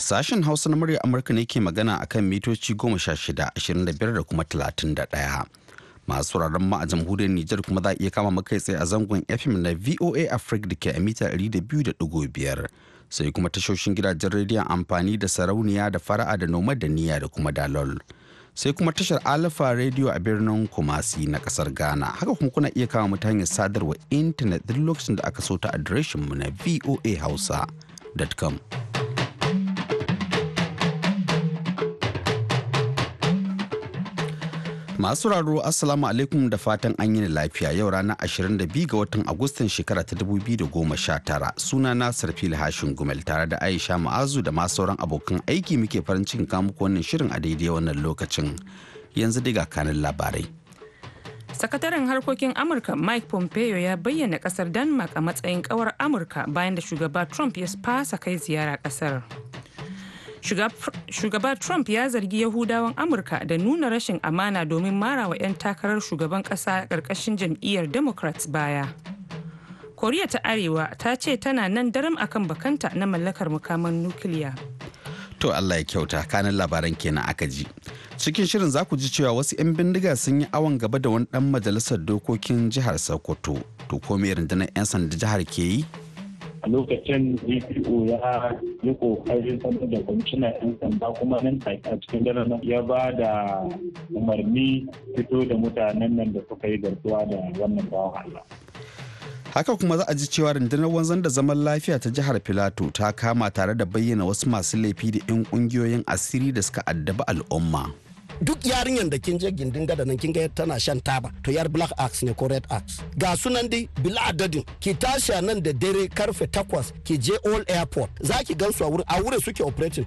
Sashen Hausa na murya Amurka ne ke magana a kan mitoci goma sha shida, ashirin da biyar da kuma talatin da ɗaya. Masu wuraren ma a jamhuriyar Nijar kuma za a iya kama makai tsaye a zangon FM na VOA Africa da ke a mita ɗari da biyu da ɗigo biyar. Sai kuma tashoshin gidajen rediyon amfani da sarauniya da fara'a da noma da niyya da kuma dalol. sai kuma tashar alfa radio a birnin kumasi na kasar ghana haka kuma kuna iya kama ta hanyar sadarwa intanet duk lokacin da aka so ta adireshin mu na voa hausa.com Masu raro Assalamu alaikum da fatan an yi lafiya yau ranar 22 ga watan Agustan shekara ta 2019 suna na Sarfil Hashin Gumel tare da Aisha Ma'azu da ma sauran abokan aiki muke farin cikin muku wannan shirin a daidai wannan lokacin. Yanzu diga kanin labarai. Sakataren harkokin Amurka Mike Pompeo ya bayyana kasar Denmark a matsayin kawar Amurka bayan da shugaba Trump ya fasa kai ziyara kasar. shugaba trump ya zargi yahudawan amurka da nuna rashin amana domin mara wa 'yan takarar shugaban kasa karkashin jam'iyyar democrats baya koriya ta arewa ta ce tana nan daram akan bakanta na mallakar mukamman nukiliya to allah ya kyauta kanin labaran kenan aka ji cikin shirin za ku ji cewa wasu 'yan bindiga sun yi awon gaba da wani dan majalisar dokokin jihar sokoto to ko me rundunar 'yan sanda jihar ke yi a lokacin dpo ya yi kokarin sanar da kwamishina yan sanda kuma nan a cikin daren ya ba da umarni fito da mutanen nan da suka yi garkuwa da wannan bawon allah haka kuma za a ji cewa rundunar wanzan da zaman lafiya ta jihar filato ta kama tare da bayyana wasu masu laifi da 'yan kungiyoyin asiri da suka addabi al'umma. duk yarinyar da kin je gindin gada nan kin ga tana shan taba to yar black axe ne ko red axe ga sunan dai bila adadin ki tashi nan da dare karfe takwas ki je all airport za ki gansu a wurin a wurin suke operating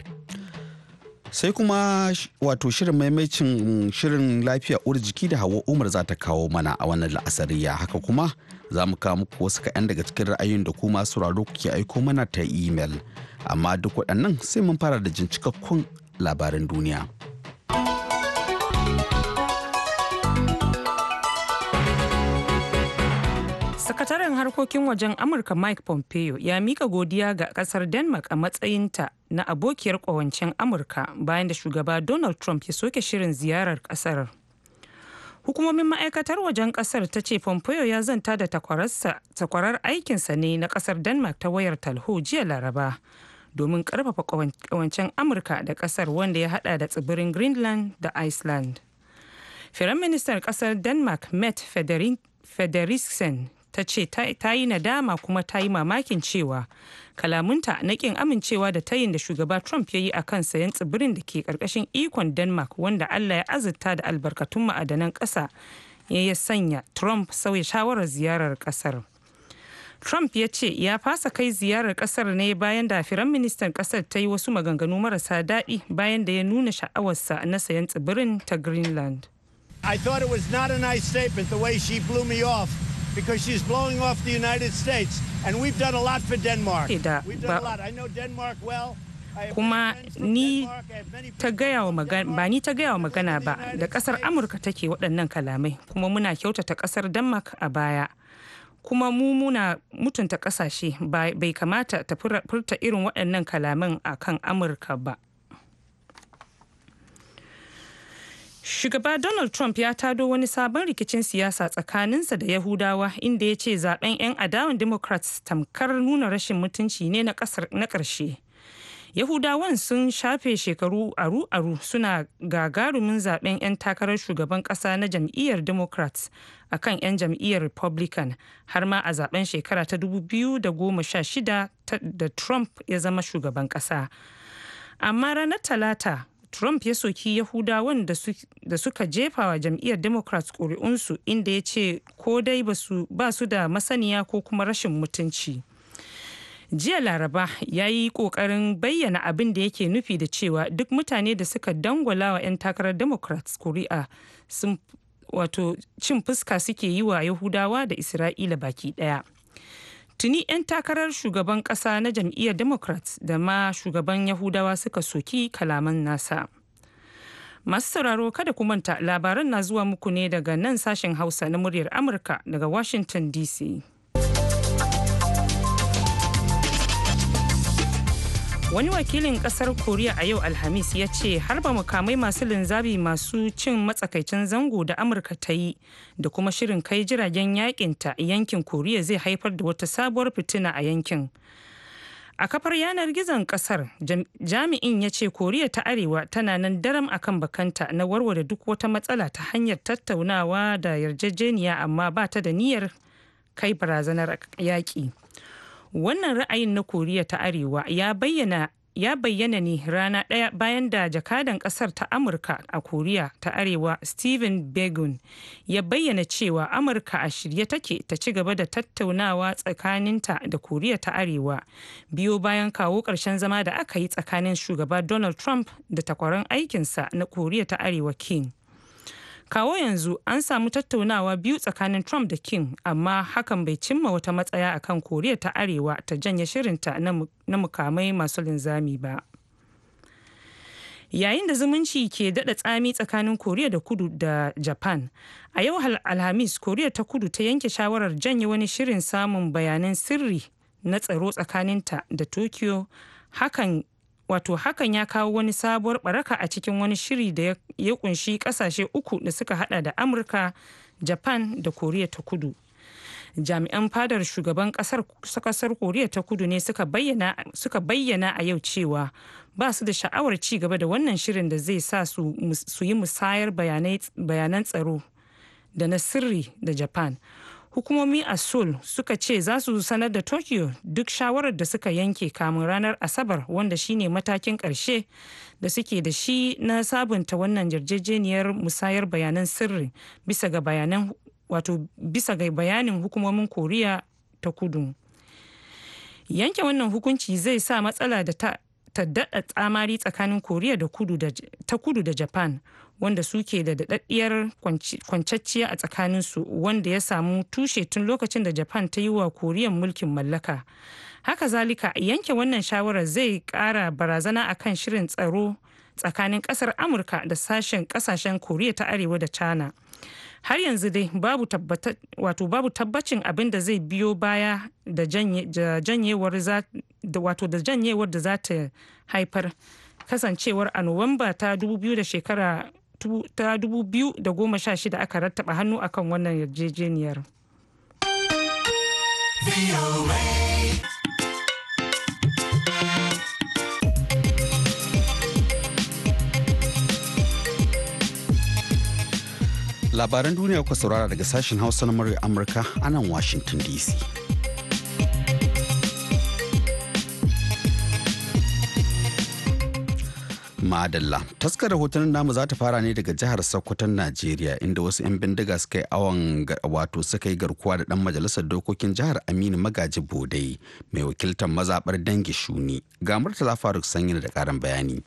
sai kuma wato shirin maimacin shirin lafiya uwar jiki da hawa umar za ta kawo mana a wannan ya haka kuma za mu kawo muku wasu kaɗan daga cikin ra'ayoyin da kuma sauraro kuke aiko mana ta imel amma duk waɗannan sai mun fara da jin cikakkun labaran duniya. sakataren harkokin wajen amurka mike pompeo ya mika godiya ga kasar denmark a matsayinta na abokiyar kwawancen amurka bayan da shugaba donald trump ya soke shirin ziyarar kasar hukumomin ma'aikatar wajen kasar ta ce pompeo ya zanta da takwarar aikinsa ne na kasar denmark ta wayar talho jiya laraba domin karfafa kawancen amurka da kasar wanda ya hada da tsibirin greenland da iceland firaministan kasar denmark met federiksen ta ce ta yi nadama kuma ta yi mamakin cewa kalamunta na kin amincewa da tayin da shugaba trump ya yi a kan sayan tsibirin da ke karkashin ikon denmark wanda allah ya azurta da albarkatun ma'adanan ƙasa ya sanya trump sauya shawarar ziyarar kasar trump ya ce ya fasa kai ziyarar kasar ne bayan da firan ministan kasar ta yi wasu maganganu marasa daɗi bayan da ya nuna sha'awarsa na sayan tsibirin ta greenland I thought it was not a nice statement the way she blew me off. because she's blowing off the United States. And we've done a lot for Denmark. We've done a lot. I know Denmark well. kuma ni ta gaya wa magana ba ni ta gaya wa magana ba da kasar amurka take waɗannan kalamai kuma muna kyautata kasar denmark a baya kuma mu muna mutunta kasashe bai kamata ta furta irin waɗannan kalaman akan amurka ba Shugaba Donald Trump ya tado wani sabon rikicin siyasa tsakaninsa da Yahudawa inda ya ce zaben 'yan adawan Democrats tamkar nuna rashin mutunci ne na ƙarshe. Yahudawan sun shafe shekaru aru-aru suna gagarumin zaben 'yan takarar shugaban ƙasa na jam'iyyar Democrats a kan 'yan jam'iyyar Republican har ma a zaben shekara ta 2016 da Trump ya zama shugaban ƙasa. Amma ranar Talata Trump ya soki Yahudawan da suka jefa wa jam'iyyar Democrats ƙuri'unsu inda ya ce ko dai ba su da masaniya ko kuma rashin mutunci. Jiya Laraba ya yi ƙoƙarin bayyana abin da yake nufi da cewa duk mutane da suka dangwala wa 'yan takarar Democrats ƙuri'a sun wato cin fuska suke yi wa Yahudawa da Isra'ila baki ɗaya. tuni 'yan takarar shugaban kasa na jam'iyyar democrats da ma shugaban yahudawa suka soki kalaman nasa masu sauraro kada ku manta labaran na zuwa muku ne daga nan sashen hausa na muryar amurka daga washington dc wani wakilin kasar koriya a yau alhamis ya ce harba mukamai masu linzabi masu cin matsakaicin zango da amurka ta yi da kuma shirin kai jiragen yakinta yankin koriya zai haifar da wata sabuwar fitina a yankin a kafar yanar gizon kasar jami'in ya ce koriya ta arewa tana nan daram akan bakanta na warware duk wata matsala ta hanyar tattaunawa da yarjejeniya amma ba ta da niyyar kai barazanar yaƙi. wannan ra'ayin na koriya ta arewa ya bayyana ya bayyana ne rana ɗaya bayan da jakadan ƙasar ta amurka a koriya ta arewa stephen begun ya bayyana cewa amurka a shirye take ta ci gaba da tattaunawa tsakaninta da koriya ta arewa biyo bayan kawo ƙarshen zama da aka yi tsakanin shugaba donald trump da takwaran aikinsa na koriya ta arewa king kawo yanzu an samu tattaunawa biyu tsakanin trump da kim amma hakan bai cimma wata matsaya akan koriya ta arewa ta janye shirinta na mukamai masu linzami ba yayin da zumunci ke dada tsami tsakanin koriya da kudu da japan a yau alhamis koriya ta kudu ta yanke shawarar janye wani shirin samun bayanan sirri na tsaro tsakaninta da tokyo hakan wato hakan ya kawo wani sabuwar baraka a cikin wani shiri da ya kunshi kasashe uku da suka hada da amurka japan da koriya ta kudu jami'an fadar shugaban kasar koriya ta kudu ne suka bayyana a yau cewa ba su da sha'awar ci gaba da wannan shirin da zai sa su yi musayar bayanan tsaro da na sirri da japan hukumomi a seoul suka ce za su sanar da tokyo duk shawarar da suka yanke kamun ranar asabar wanda shine matakin karshe da suke da shi na sabunta wannan yarjejeniyar musayar bayanan sirri bisa ga bayanan wato bisa ga bayanin hukumomin koriya ta kudu yanke wannan hukunci zai sa matsala da ta ta daɗa tsamari tsakanin koriya ta kudu da japan wanda suke da daɗaɗɗiyar kwancacciya a tsakaninsu wanda ya samu tushe tun lokacin da japan ta yi wa koriyan mulkin mallaka haka zalika yanke wannan shawarar zai kara barazana a kan shirin tsaro tsakanin kasar amurka da sashen ƙasashen koriya ta arewa da china har yanzu dai babu tabbacin abin da zai biyo baya da janyewar da wato da janyewar da za ta haifar kasancewar a nuwamba ta da shekara ta shida aka rattaba hannu akan wannan yarjejeniyar. Labaran duniya kuka saurara daga sashen Hausa na murya Amurka a nan Washington DC. Madalla. Taskar rahoton namu za ta fara ne daga jihar Sokoton Najeriya inda wasu 'yan bindiga suka yi awon wato suka yi garkuwa da dan majalisar dokokin jihar Aminu Magaji Bodai mai wakiltar mazabar dangi shuni. Ga Murtala Faruk Sanyi da karin bayani.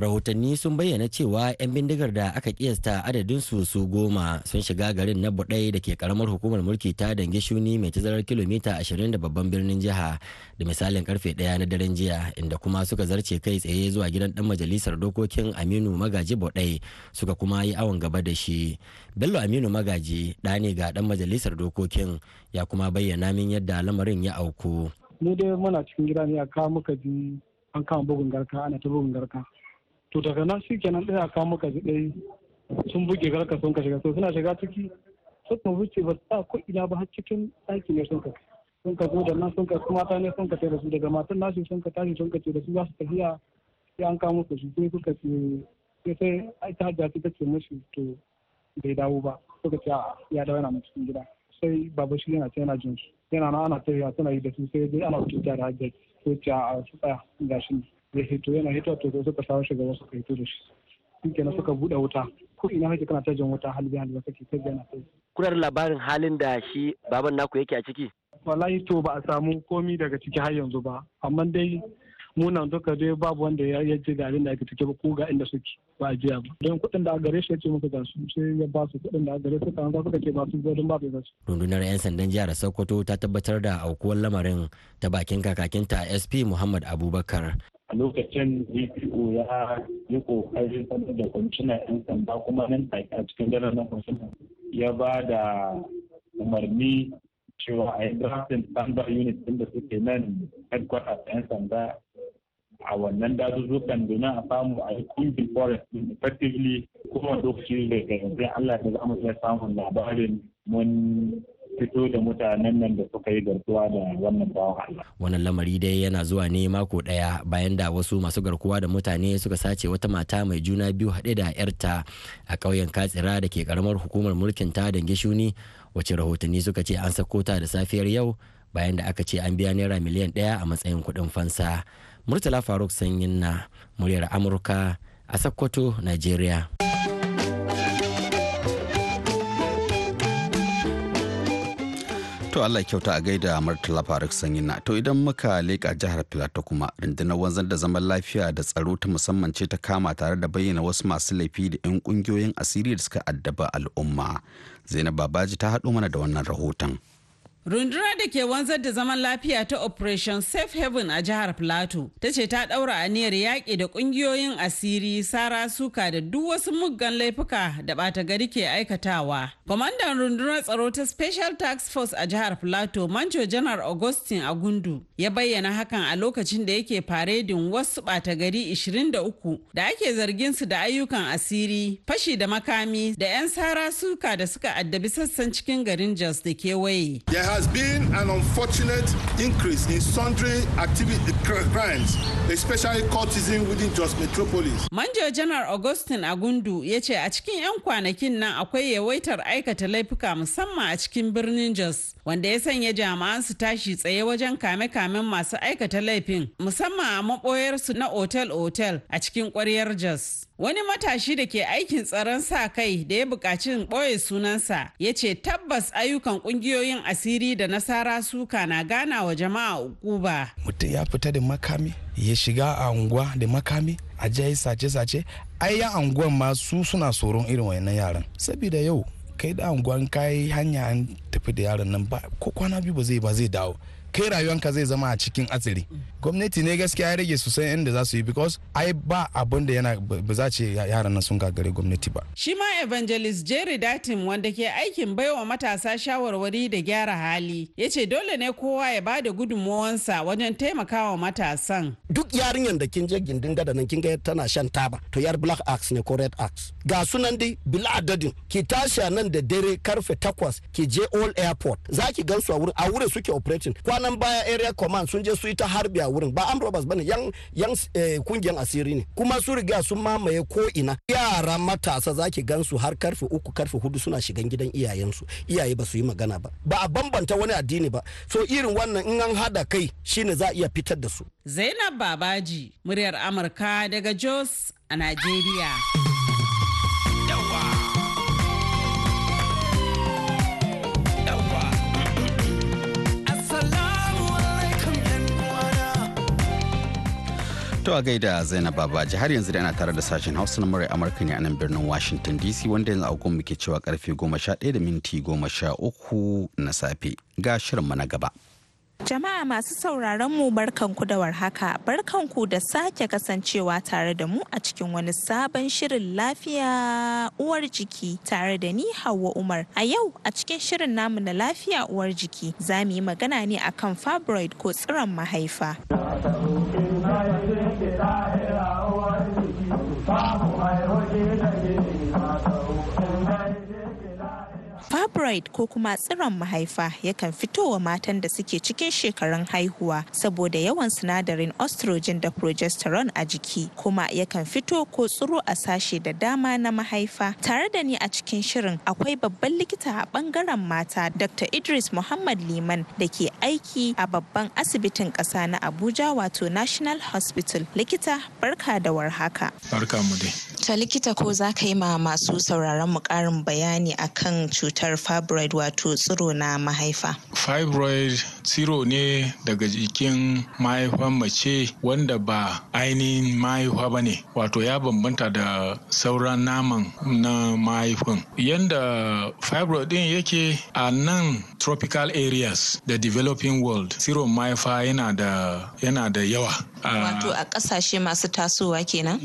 rahotanni sun bayyana cewa 'yan bindigar da aka kiyasta adadin su su goma sun shiga garin na buɗai da ke karamar hukumar mulki ta dange shuni mai tazarar kilomita 20 da babban birnin jiha da misalin karfe ɗaya na daren jiya inda kuma suka zarce kai tsaye zuwa gidan dan majalisar dokokin aminu magaji buɗai suka kuma yi awon gaba da shi bello aminu magaji da ne ga dan majalisar dokokin ya kuma bayyana min yadda lamarin ya auku ne dai muna cikin gida ne a kawo muka ji an kama bugun garka ana ta bugun garka to daga nan shi kenan ɗaya a kawo maka ɗaya sun buge garka sun ka shiga to suna shiga ciki sun suka wuce ba sa ko ina ba har cikin ɗaki ne sun ka sun ka zo da nan sun ka su mata ne sun ka tsaye da su daga matan nasu sun ka tashi sun ka ce da su za su tafiya sai an kamo su shi sai suka ce sai sai ai ta hajja ta ce musu to bai dawo ba suka ce ya dawo yana cikin gida sai baba shi yana ce yana jin su yana na ana tafiya suna yi da su sai dai ana wuce da hajja ko ce a su tsaya gashi ne da hito yana hito to sai suka sawo shiga wasu hito tudu shi shi kenan suka buɗe wuta ko ina kake kana tajin wuta halbi halbi kake tajin na tajin da labarin halin da shi baban naku yake a ciki wallahi to ba a samu komi daga ciki har yanzu ba amma dai munan duka dai babu wanda ya ji ga da ake cike ba ko ga inda suke ba a jiya ba don kuɗin da gare shi ya ce muka gasu sai ya ba su kuɗin da gare su kan suka ce ba su zo don ba bai gasu. rundunar 'yan sandan jihar sokoto ta tabbatar da aukuwar lamarin ta bakin kakakinta sp muhammad abubakar a lokacin dpo ya yi kokarin sanar da kwamishinan yan sanda kuma nan take a cikin daren na kwamishina ya ba da umarni cewa a yi drafting standard unit din da suke nan headquarters yan sanda a wannan dazuzzukan domin a samu a yi kungin forest din effectively kuma lokaci da yanzu Allah da za mu iya samun labarin mun fito da mutanen nan da suka yi garkuwa da wannan bawan Allah. Wannan lamari dai yana zuwa ne mako daya bayan da wasu masu garkuwa da mutane suka sace wata mata mai juna biyu haɗe da 'yarta a ƙauyen Katsira da ke ƙaramar hukumar mulkin ta da Gishuni wacce rahotanni suka ce an sako ta da safiyar yau bayan da aka ce an biya naira miliyan ɗaya a matsayin kuɗin fansa. Murtala Faruk Sanyin na muryar Amurka a Sokoto, Najeriya. To Allah kyauta a gaida Murtala Faruk Sanyina. To idan muka leƙa jihar Filato kuma rundunar wanzan da zaman lafiya da tsaro ta musamman ce ta kama tare da bayyana wasu masu laifi da 'yan kungiyoyin asiri da suka addaba al'umma. Zainab Babaji ta haɗo mana da wannan rahoton. Rundunar da ke wanzar da zaman lafiya ta Operation Safe Haven a jihar Plateau ta ce ta ɗaura aniyar yaƙi da ƙungiyoyin asiri, sara suka da duk wasu muggan laifuka da ɓata gari ke aikatawa. Kwamandan rundunar tsaro ta Special Task Force a jihar Plateau, Manjo Janar Augustine Agundu, ya bayyana hakan a lokacin da yake faredin wasu ɓata gari 23 da ake zargin su da ayyukan asiri, fashi da makami da 'yan sara suka da suka addabi sassan cikin garin Jos da kewaye. has been an unfortunate increase in sundry activity crimes, especially cultism within just metropolis. Manjo Janar Augustin Agundu ya ce a cikin 'yan kwanakin nan akwai yawaitar aikata laifuka musamman a cikin birnin Jos, wanda ya sanya jami'an su tashi tsaye wajen kame-kamen masu aikata laifin, musamman a maɓoyarsu na otel-otel a cikin ƙwaryar Jos. Wani matashi da ke aikin tsaron sa kai da ya buƙaci ɓoye sunansa ya ce tabbas ayyukan ƙungiyoyin asiri da nasara suka na gana wa jama'a ukuba. Mutum ya fita da makami, ya shiga a unguwa da makami, a jayi sace-sace, ai ya unguwan ma su suna tsoron irin wannan yaran. Sabida yau kai da unguwan kayi hanya an tafi da yaran nan ba ko kwana biyu ba zai ba zai dawo. kai rayuwanka zai zama a cikin atsiri gwamnati ne gaskiya ya rage su san inda za su yi because ai ba abin da yana ba za ce yaran nan sun gagare gwamnati ba shi ma evangelist jerry datin wanda ke aikin baiwa matasa shawarwari da gyara hali ya ce dole ne kowa ya ba da gudunmuwansa wajen taimakawa matasan duk yarinyar da kin je gindin gada nan kin ga tana shan taba to yar black axe ne ko red axe ga sunan dai bila adadin ki tashi nan da dare karfe takwas ki je all airport za ki gansu a wurin a wurin suke operating kwanan baya area command sun je su yi ta harbi a wurin ba armed robbers bane yan yan eh, kungiyar asiri ne kuma su riga sun mamaye ko ina yara matasa zaki gansu har karfe uku karfe hudu suna shigan gidan iyayensu iyaye ba su yi magana ba ba a bambanta wani addini ba so irin wannan in an hada kai shine za a iya fitar da su zainab babaji muryar amurka daga jos a nigeria. To a gaida Zainab Babaji har yanzu da ana tare da sashen Hausa na murai Amurka ne a nan birnin Washington DC wanda yanzu agogon muke cewa karfe 11 da minti 13 na safe ga shirinmu na gaba. Jama'a masu sauraron mu barkanku da warhaka, barkanku da sake kasancewa tare da mu a cikin wani sabon shirin lafiya uwar jiki tare da ni Hauwa Umar. A yau a cikin shirin namu na lafiya uwar jiki za mu yi magana ne akan fibroid ko tsiron mahaifa. fibroid ko kuma tsiron mahaifa yakan fitowa matan da suke cikin shekarun haihuwa saboda yawan sinadarin estrogen da progesterone a jiki kuma yakan fito ko tsiro a sashe da dama na mahaifa tare da ni a cikin shirin akwai babban likita a bangaren mata dr idris muhammad liman da ke aiki a babban asibitin kasa na abuja wato national hospital likita barka da warhaka ta likita ko za ka yi ma masu sauraron mu ƙarin bayani akan cutar fibroid wato tsiro na mahaifa fibroid tsiro ne daga jikin mahaifan mace wanda ba ainihin mahaifa ba ne wato ya bambanta da sauran naman na mahaifin yanda fibroid din yake a nan tropical areas da developing world tsiron mahaifa yana da yawa wato a kasashe masu tasowa kenan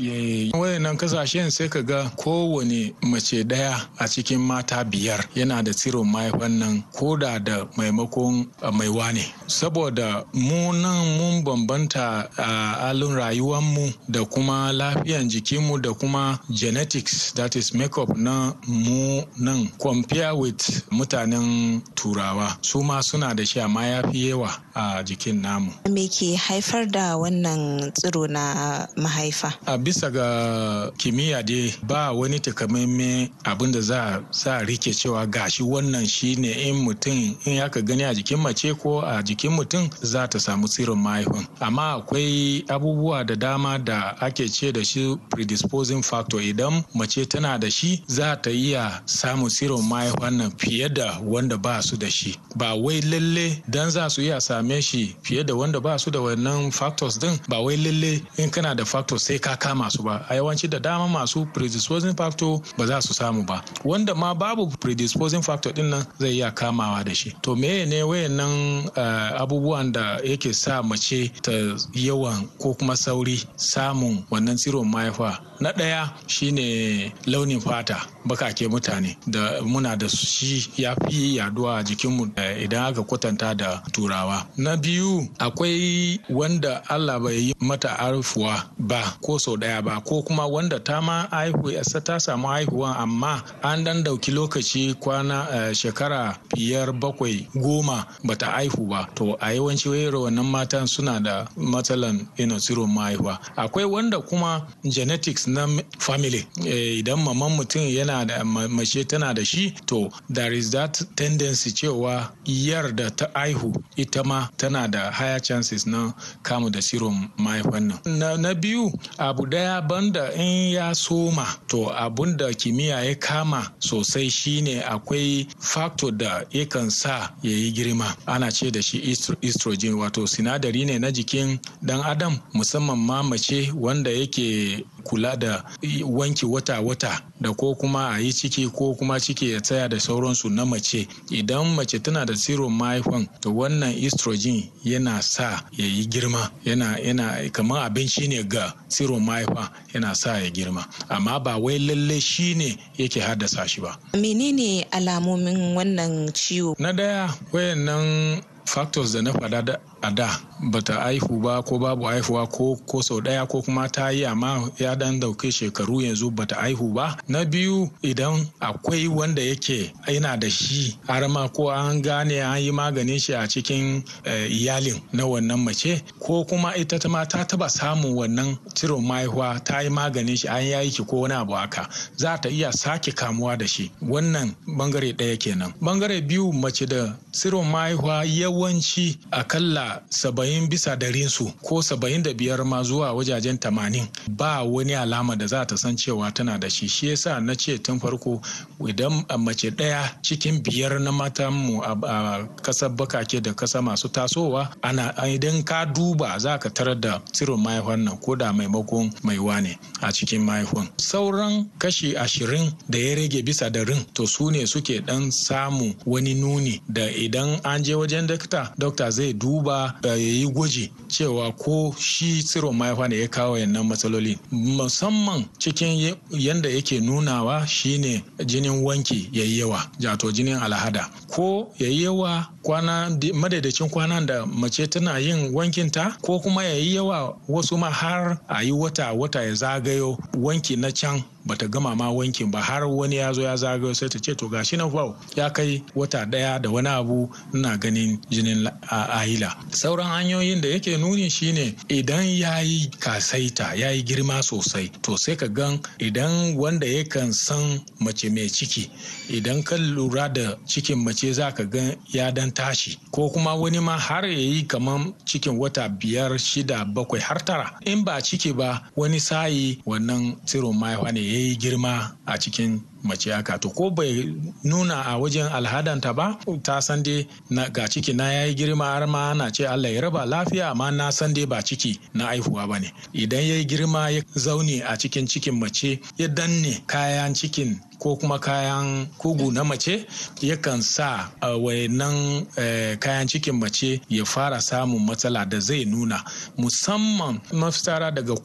wayannan kasashen sai ka ga kowane mace daya a cikin mata biyar yana da tsiron mahaifan nan koda da maimakon maiwa ne saboda mu nan mun bambanta a alun rayuwanmu da kuma lafiyan jikinmu da kuma genetics that is makeup na mu nan compare with mutanen turawa su ma suna da shi amma ya yawa a jikin namu me ke haifar da wannan wannan tsiro na mahaifa? A bisa ga kimiyya dai ba wani takamaimai abin da za a rike cewa gashi wannan shi ne in mutum in aka gani a jikin mace ko a jikin mutum za ta samu tsirin mahaifin. Amma akwai abubuwa da dama da ake ce da shi predisposing factor idan mace tana da shi za ta iya samun tsirin mahaifan nan fiye da wanda ba su da shi. Ba wai lalle dan za su iya same shi fiye da wanda ba su da wannan factors din ba wai lalle in kana da factor sai ka kama su ba a yawanci da dama masu predisposing factor ba za su samu ba wanda ma babu predisposing factor din nan zai iya kamawa da shi to me ne wayannan eh, abubuwan da yake sa mace ta yawan ko kuma sauri samun wannan tsiron mahaifa na ɗaya shine launin fata bakake mutane da muna da shi ya fi yaduwa a jikinmu eh, idan aka kwatanta da turawa na biyu akwai wanda allah bai yi mata haihuwa ba ko sau daya ba ko kuma wanda ta ma haihu ta samu haihuwa amma an dan dauki lokaci kwana eh, shekara biyar bakwai goma bata haihu ba to a yawanci wayar wannan matan suna da matsalan inosiron mahaifa akwai wanda kuma genetics na family eh, idan maman mutum yana da mace tana da shi to there is that tendency cewa yar da ta haihu ita ma tana da higher chances na kamu da serum kan mahaifan nan. Na, biyu abu daya banda in ya soma to abun da kimiyya ya kama sosai shine akwai factor da yakan sa ya yi girma ana ce da shi estrogen wato sinadari ne na jikin dan adam musamman ma mace wanda yake kula da wanki wata-wata da ko kuma a yi ciki ko kuma ciki ya tsaya da sauransu na mace idan mace tana da siron mahaifan to wannan estrogen yana sa ya yi girma yana yana kamar abinci ne ga siron mahaifa yana sa ya girma amma ba wai lalle shi ne yake haddasa shi ba menene alamomin wannan ciwo na daya wayannan factors da na faɗa a da bata aihu ba ko babu aihuwa ko ko sau daya ko kuma ta yi amma ya dan dauke shekaru yanzu bata aihu ba na biyu idan akwai wanda yake yana da shi har ma ko an gane an yi maganin shi a cikin eh, iyalin na wannan mace ko kuma ita ma ta taba samun wannan ciro maihuwa ta yi maganin shi an yayi ki ko wani abu haka za ta iya sake kamuwa da shi wannan bangare ɗaya kenan bangare biyu mace da tsiron mahaihuwa yawanci akalla saba'in bisa darinsu ko saba'in da biyar ma zuwa wajajen tamanin ba wani alama da za ta san cewa tana da shi shi yasa na ce tun farko idan mace ɗaya cikin biyar na matan mu a kasar bakake da kasa masu tasowa ana idan ka duba za ka tarar da tsirin mahaifan nan ko da maimakon maiwa ne a cikin mahaifan sauran kashi ashirin da ya rage bisa darin to su ne suke dan samu wani nuni da idan an je wajen dakta dokta zai duba kuma eh, ya yi gwaji cewa ko shi tsiron mahaifa ne ya kawo yannan matsaloli musamman cikin yanda yake nunawa shine jinin wanki ya yi yawa jato jinin alhada ko ya yi yawa kwana madaidaicin kwana da mace tana yin wankinta ko kuma ya yi yawa wasu ma har a yi wata wata ya zagayo wanki na can bata gama ma wankin ba har wani ya zo ya zagayo sai ta ce to gashi na fau ya kai wata daya da wani abu ina ganin jinin ahila sauran hanyoyin da yake nuni shine idan ya yi kasaita ya yi girma sosai to sai ka gan idan wanda yakan san mace mai ciki idan ka lura da cikin mace za ka gan ya dan tashi ko kuma wani ma har ya yi kaman cikin wata biyar shida bakwai har tara in ba ciki ba wani sayi wannan tsiron mahaifa ne ya yi girma a cikin mace ya to ko bai nuna a wajen alhadanta ba ta san dai ga ciki na yayi girma har ma ana ce Allah ya raba lafiya amma na san dai ba ciki na aihuwa ba ne idan yayi girma ya zaune a cikin cikin mace ya danne kayan cikin ko kuma kayan kugu na mace yakan sa wayannan e, kayan cikin mace ya fara samun matsala da zai nuna musamman mafitara daga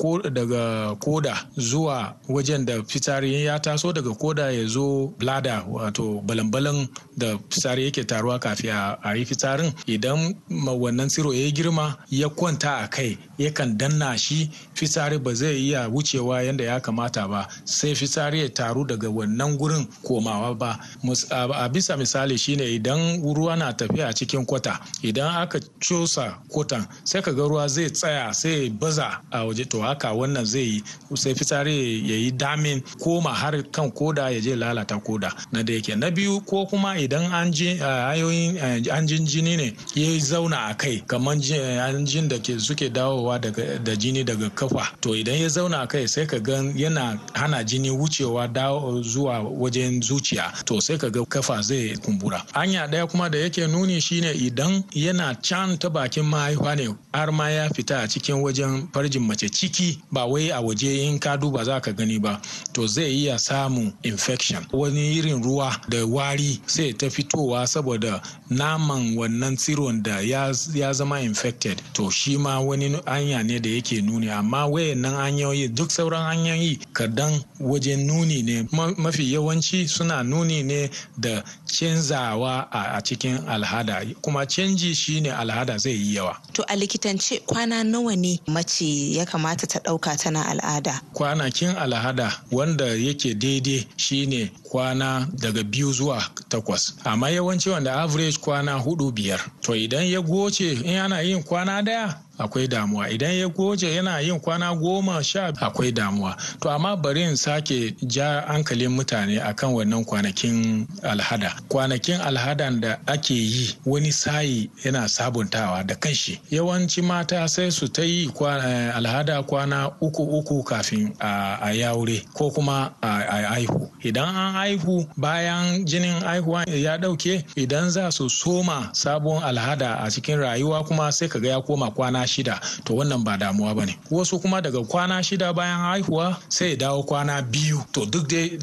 koda zuwa wajen da fitari ya taso daga koda ya zo blada wato balambalan da fitari yake taruwa kafin a yi fitarin idan wannan tsiro ya girma ya kwanta a kai yakan danna shi fitari ba zai iya wucewa yadda ya kamata ba sai fitari ya taru daga wannan nan gurin komawa ba a bisa misali shine idan ruwa na tafiya a cikin kwata idan aka cosa kwatan sai ka ga ruwa zai tsaya sai baza a waje to haka wannan zai yi sai fitare ya yi damin koma har kan koda ya je lalata koda na da yake na biyu ko kuma idan an jin jini ne ya zauna a kai kamar an jin da ke suke dawowa da jini daga kafa to idan ya zauna a kai sai ka ga yana hana jini wucewa zuwa a wajen zuciya to sai ka ga kafa zai kumbura hanya ɗaya kuma da yake nuni shine idan yana can ta bakin mahaifa ne har ma ya fita a cikin wajen farjin mace ciki ba wai a waje in ka duba za ka gani ba to zai iya samun infection wani irin ruwa da wari sai ta fitowa saboda naman wannan tsiron da ya zama infected to shi ma wani hanya ne da yake nuni amma wayannan hanyoyi duk sauran hanyoyi kadan wajen nuni ne mafi mafi yawanci suna nuni ne da canzawa a cikin alhada kuma canji shine alhada zai yi yawa. To a likitance kwana nawa ne mace ya kamata ta ɗauka tana al'ada? Kwanakin alhada wanda yake daidai shine kwana daga biyu zuwa takwas amma yawanci wanda average kwana hudu biyar to idan ya goce in ana yin kwana daya akwai damuwa idan ya goje yana yin kwana goma sha akwai damuwa to amma bari in sake ja hankalin mutane akan wannan kwanakin alhada kwanakin alhadan da ake yi wani sayi yana sabuntawa da kanshi yawanci mata sai su ta yi eh, alhada kwana uku uku kafin a yaure ko kuma a haihu idan an haihu bayan jinin haihuwa ya dauke idan za su soma sabon alhada a cikin rayuwa kuma sai kaga ya koma kwana shida to wannan ba damuwa bane wasu kuma daga kwana shida bayan haihuwa sai ya dawo kwana biyu to duk dai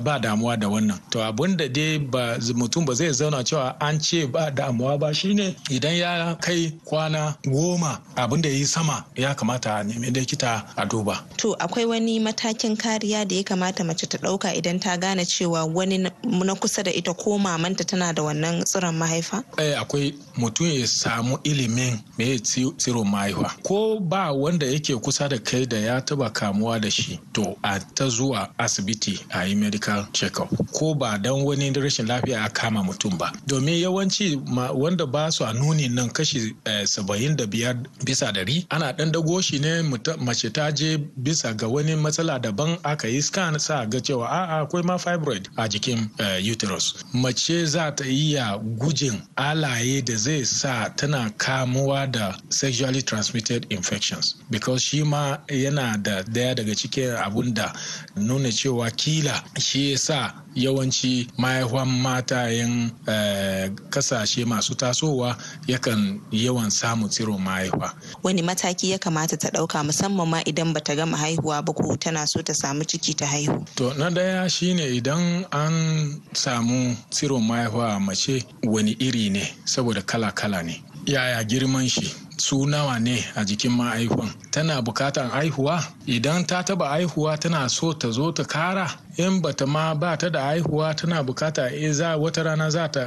ba damuwa da wannan to da dai ba mutum ba zai zauna cewa an ce ba damuwa ba shine idan ya kai kwana goma abin da yi sama ya kamata a nemi likita a duba. To akwai wani matakin kariya da ya kamata mace ta ɗauka idan ta gane cewa wani na kusa da ita ko mamanta tana da wannan tsiron mahaifa? Eh akwai mutum ya samu ilimin me tsiron mahaifa. Ko ba wanda yake kusa da kai da ya taba kamuwa da shi to a ta zuwa asibiti a yi medical check-up. Ko ba dan wani rashin lafiya bi a kama mutum ba domin yawanci wanda ba su a nuni nan kashi eh, saba'in da biyar bisa dari ana ɗan dago shi ne mace ta je bisa ga wani matsala daban aka yi scan sa ga cewa a'a akwai ma fibroid a jikin eh, uterus mace za ta iya gujin alaye da zai sa tana kamuwa da sexually transmitted infections because shi ma yana da daya daga cikin abun da nuna cewa kila shi ya sa yawanci mahaifan matayen eh, kasashe masu tasowa yakan yawan samu tsiron mahaifa. Wani mataki ya kamata ta ɗauka musamman ma idan ba ta gama haihuwa ba ko tana so ta samu ciki ta haihu. To na daya shine idan an samu tsiron mahaifa mace wani iri ne saboda kala-kala ne. Yaya girman shi su nawa ne a jikin ma'aifan tana bukatan haihuwa idan ta taba haihuwa tana so ta zo ta kara in bata ma ba ta da haihuwa tana bukata e za wata rana za ta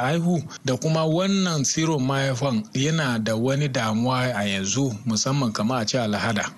haihu da kuma wannan siron mahaifan yana da wani damuwa a yanzu musamman kama a ce alhada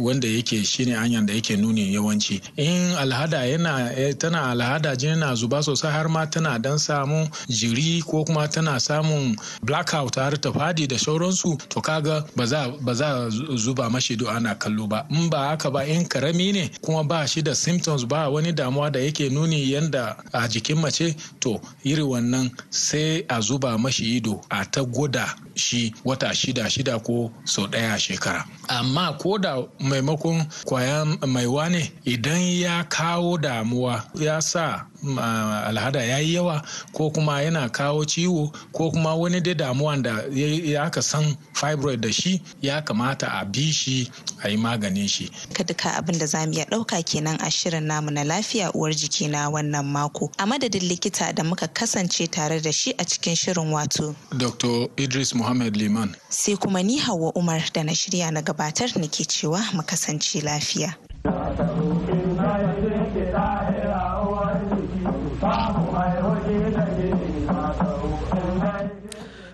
wanda yake shine hanyar da yake nuni yawanci in alhada yana eh, tana alhada jini na zuba sosai har ma tana dan samu jiri ko kuma tana samun blackout har ta fadi da sauransu to kaga ba za zuba mashi ido ana kallo ba in ba haka ba in karami ne kuma ba shi da symptoms ba wani damuwa da yake nuni yanda a jikin mace to iri wannan sai a zuba mashi ido a ta gwada shi wata shida shida ko sau ɗaya shekara amma ko da maimakon kwayan maiwa ne idan ya kawo damuwa ya sa alhada ya yi yawa ko kuma yana kawo ciwo ko kuma wani dai damuwa da ya aka san fibroid da shi ya kamata a bi shi a yi maganin shi. Ka duka abin da zamu iya ɗauka kenan a shirin namu na lafiya uwar jiki na wannan mako. A madadin likita da muka kasance tare da shi a cikin shirin wato. Dr. Idris Muhammad Liman. Sai kuma ni Hauwa Umar da na shirya na gabatar nake cewa mu kasance lafiya.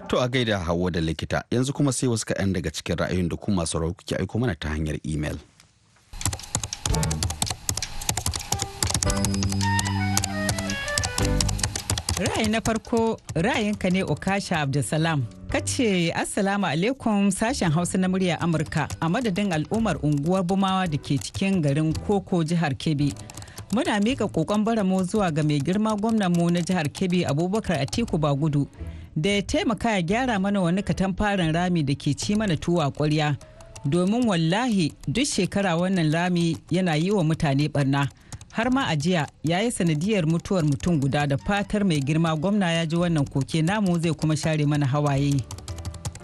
To a gaida hawa da likita yanzu kuma sai wasu kaɗan daga cikin ra'ayoyin da kuma masu ke aiko mana ta hanyar imel. Ra'ayi na farko ra'ayinka ne Okasha Abdulsalam. Kace Assalamu alaikum sashen Hausa na murya Amurka a madadin al'ummar unguwar Bumawa da ke cikin garin Koko jihar Kebbi. Muna mika kokon baramo zuwa ga mai girma gwamnan mu na jihar Kebbi Abubakar Atiku Bagudu da ya taimaka ya gyara mana wani katamfarin rami da ke ci mana tuwa kwarya domin wallahi duk shekara wannan rami yana yi wa mutane barna har ma ajiya ya yi sanadiyar mutuwar mutum guda da fatar mai girma gwamna ya ji wannan koke namu zai kuma share mana hawaye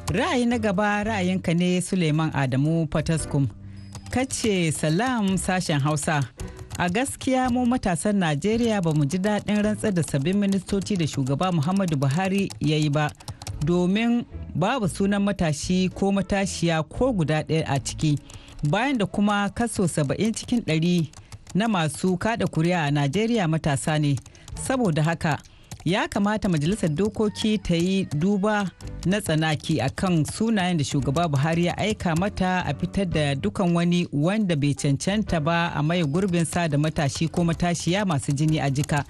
ra'ayi na gaba ra'ayinka ne suleiman adamu fataskum kace salam sashen hausa a gaskiya mu matasan najeriya ba mu ji daɗin rantsar da sabbin ministoci da shugaba muhammadu buhari ya yi ba domin babu sunan matashi ko matashiya ko guda ɗaya a ciki bayan da kuma kaso saba'in cikin ɗari na masu kaɗa kuri'a a najeriya matasa ne saboda haka ya kamata majalisar dokoki ta yi duba na tsanaki a kan sunayen da shugaba buhari ya aika mata a fitar da dukan wani wanda bai cancanta ba a maye sa da matashi ko matashiya masu jini a jika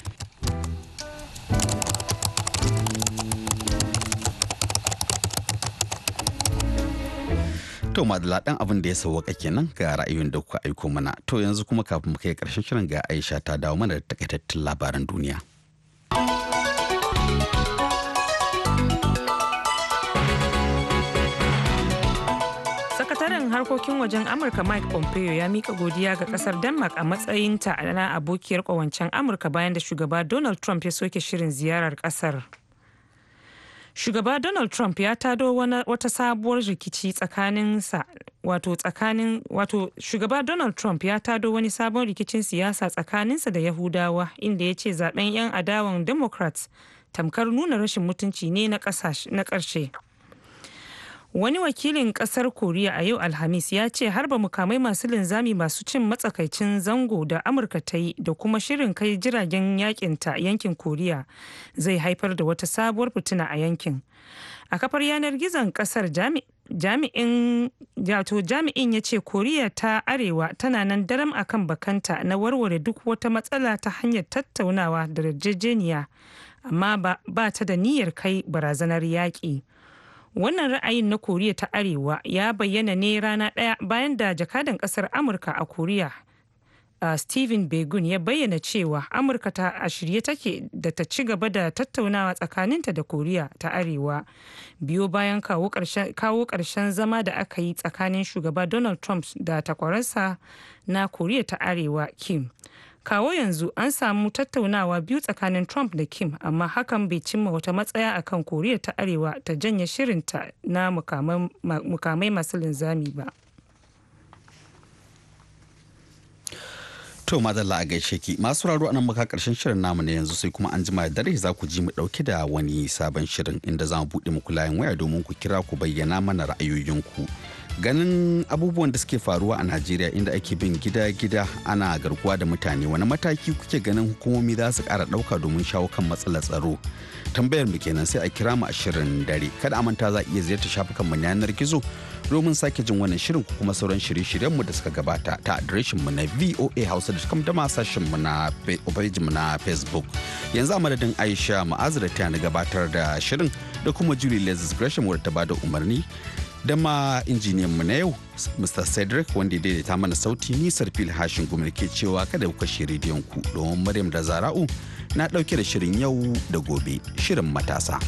To madala dan abin da ya sauwaka kenan ga ra'ayoyin da kuka aiko mana. To yanzu kuma kafin mu kai karshen shirin ga Aisha ta dawo mana da takaitattun labaran duniya. harkokin wajen amurka mike pompeo ya mika godiya ga kasar denmark a matsayin matsayinta na abokiyar kwawancen amurka bayan da shugaba donald trump ya soke shirin ziyarar kasar shugaba donald trump ya tado wata sabuwar rikici tsakaninsa wato tsakanin wato shugaba donald trump ya tado wani sabon rikicin siyasa tsakaninsa da yahudawa inda ya ce zaben yan adawan democrats tamkar nuna rashin mutunci ne na ƙarshe. wani wakilin kasar koriya a yau alhamis ya ce harba mukamai masu linzami masu cin matsakaicin zango da amurka ta yi da kuma shirin kai jiragen yakinta yankin koriya zai haifar da wata sabuwar fitina a yankin a kafar yanar gizon kasar jami'in jami'in ya ce koriya ta arewa tana nan daram akan bakanta na warware duk wata matsala ta hanyar tattaunawa da yarjejeniya amma ba ta da niyyar kai barazanar yaƙi. wannan ra'ayin na koriya ta arewa ya bayyana ne rana ɗaya bayan da jakadan ƙasar amurka a koriya a Stephen Begun ya bayyana cewa Amurka ta a shirye take da ta ci gaba da tattaunawa tsakaninta da Koriya ta Arewa. Biyo bayan kawo ƙarshen zama da aka yi tsakanin shugaba Donald Trump da takwararsa na Koriya ta Arewa Kim. kawo yanzu an samu tattaunawa biyu tsakanin trump da kim amma hakan bai cimma wata matsaya akan koriya ta arewa ta janye shirinta na mukamai masu linzami ba To madalla a gaishe ki masu raro anan muka karshen shirin namu ne yanzu sai kuma an jima da dare za ku ji mu dauke da wani sabon shirin inda za mu buɗe muku layin waya domin ku kira ku bayyana mana ra'ayoyinku. ganin abubuwan da suke faruwa a najeriya inda ake bin gida-gida ana garkuwa da mutane wani mataki kuke ganin hukumomi za su kara dauka domin shawo kan matsalar tsaro tambayar mu kenan sai a kira mu a shirin dare kada manta za a iya ziyarta shafukan mu yanar gizo domin sake jin wannan shirin ko kuma sauran shirye-shiryen mu da suka gabata ta adireshin mu na voa hausa da kuma dama sashen mu na mu na facebook yanzu a madadin aisha ma'azira ta na gabatar da shirin da kuma julie lezis gresham wadda ta bada umarni da ma injiniyan mu na yau Mr. Cedric wanda ya daidaita mana sauti nisar fil hashin gumar ke cewa kada ku kashe rediyon ku domin Maryam da Zara'u na dauke da shirin yau da gobe shirin matasa.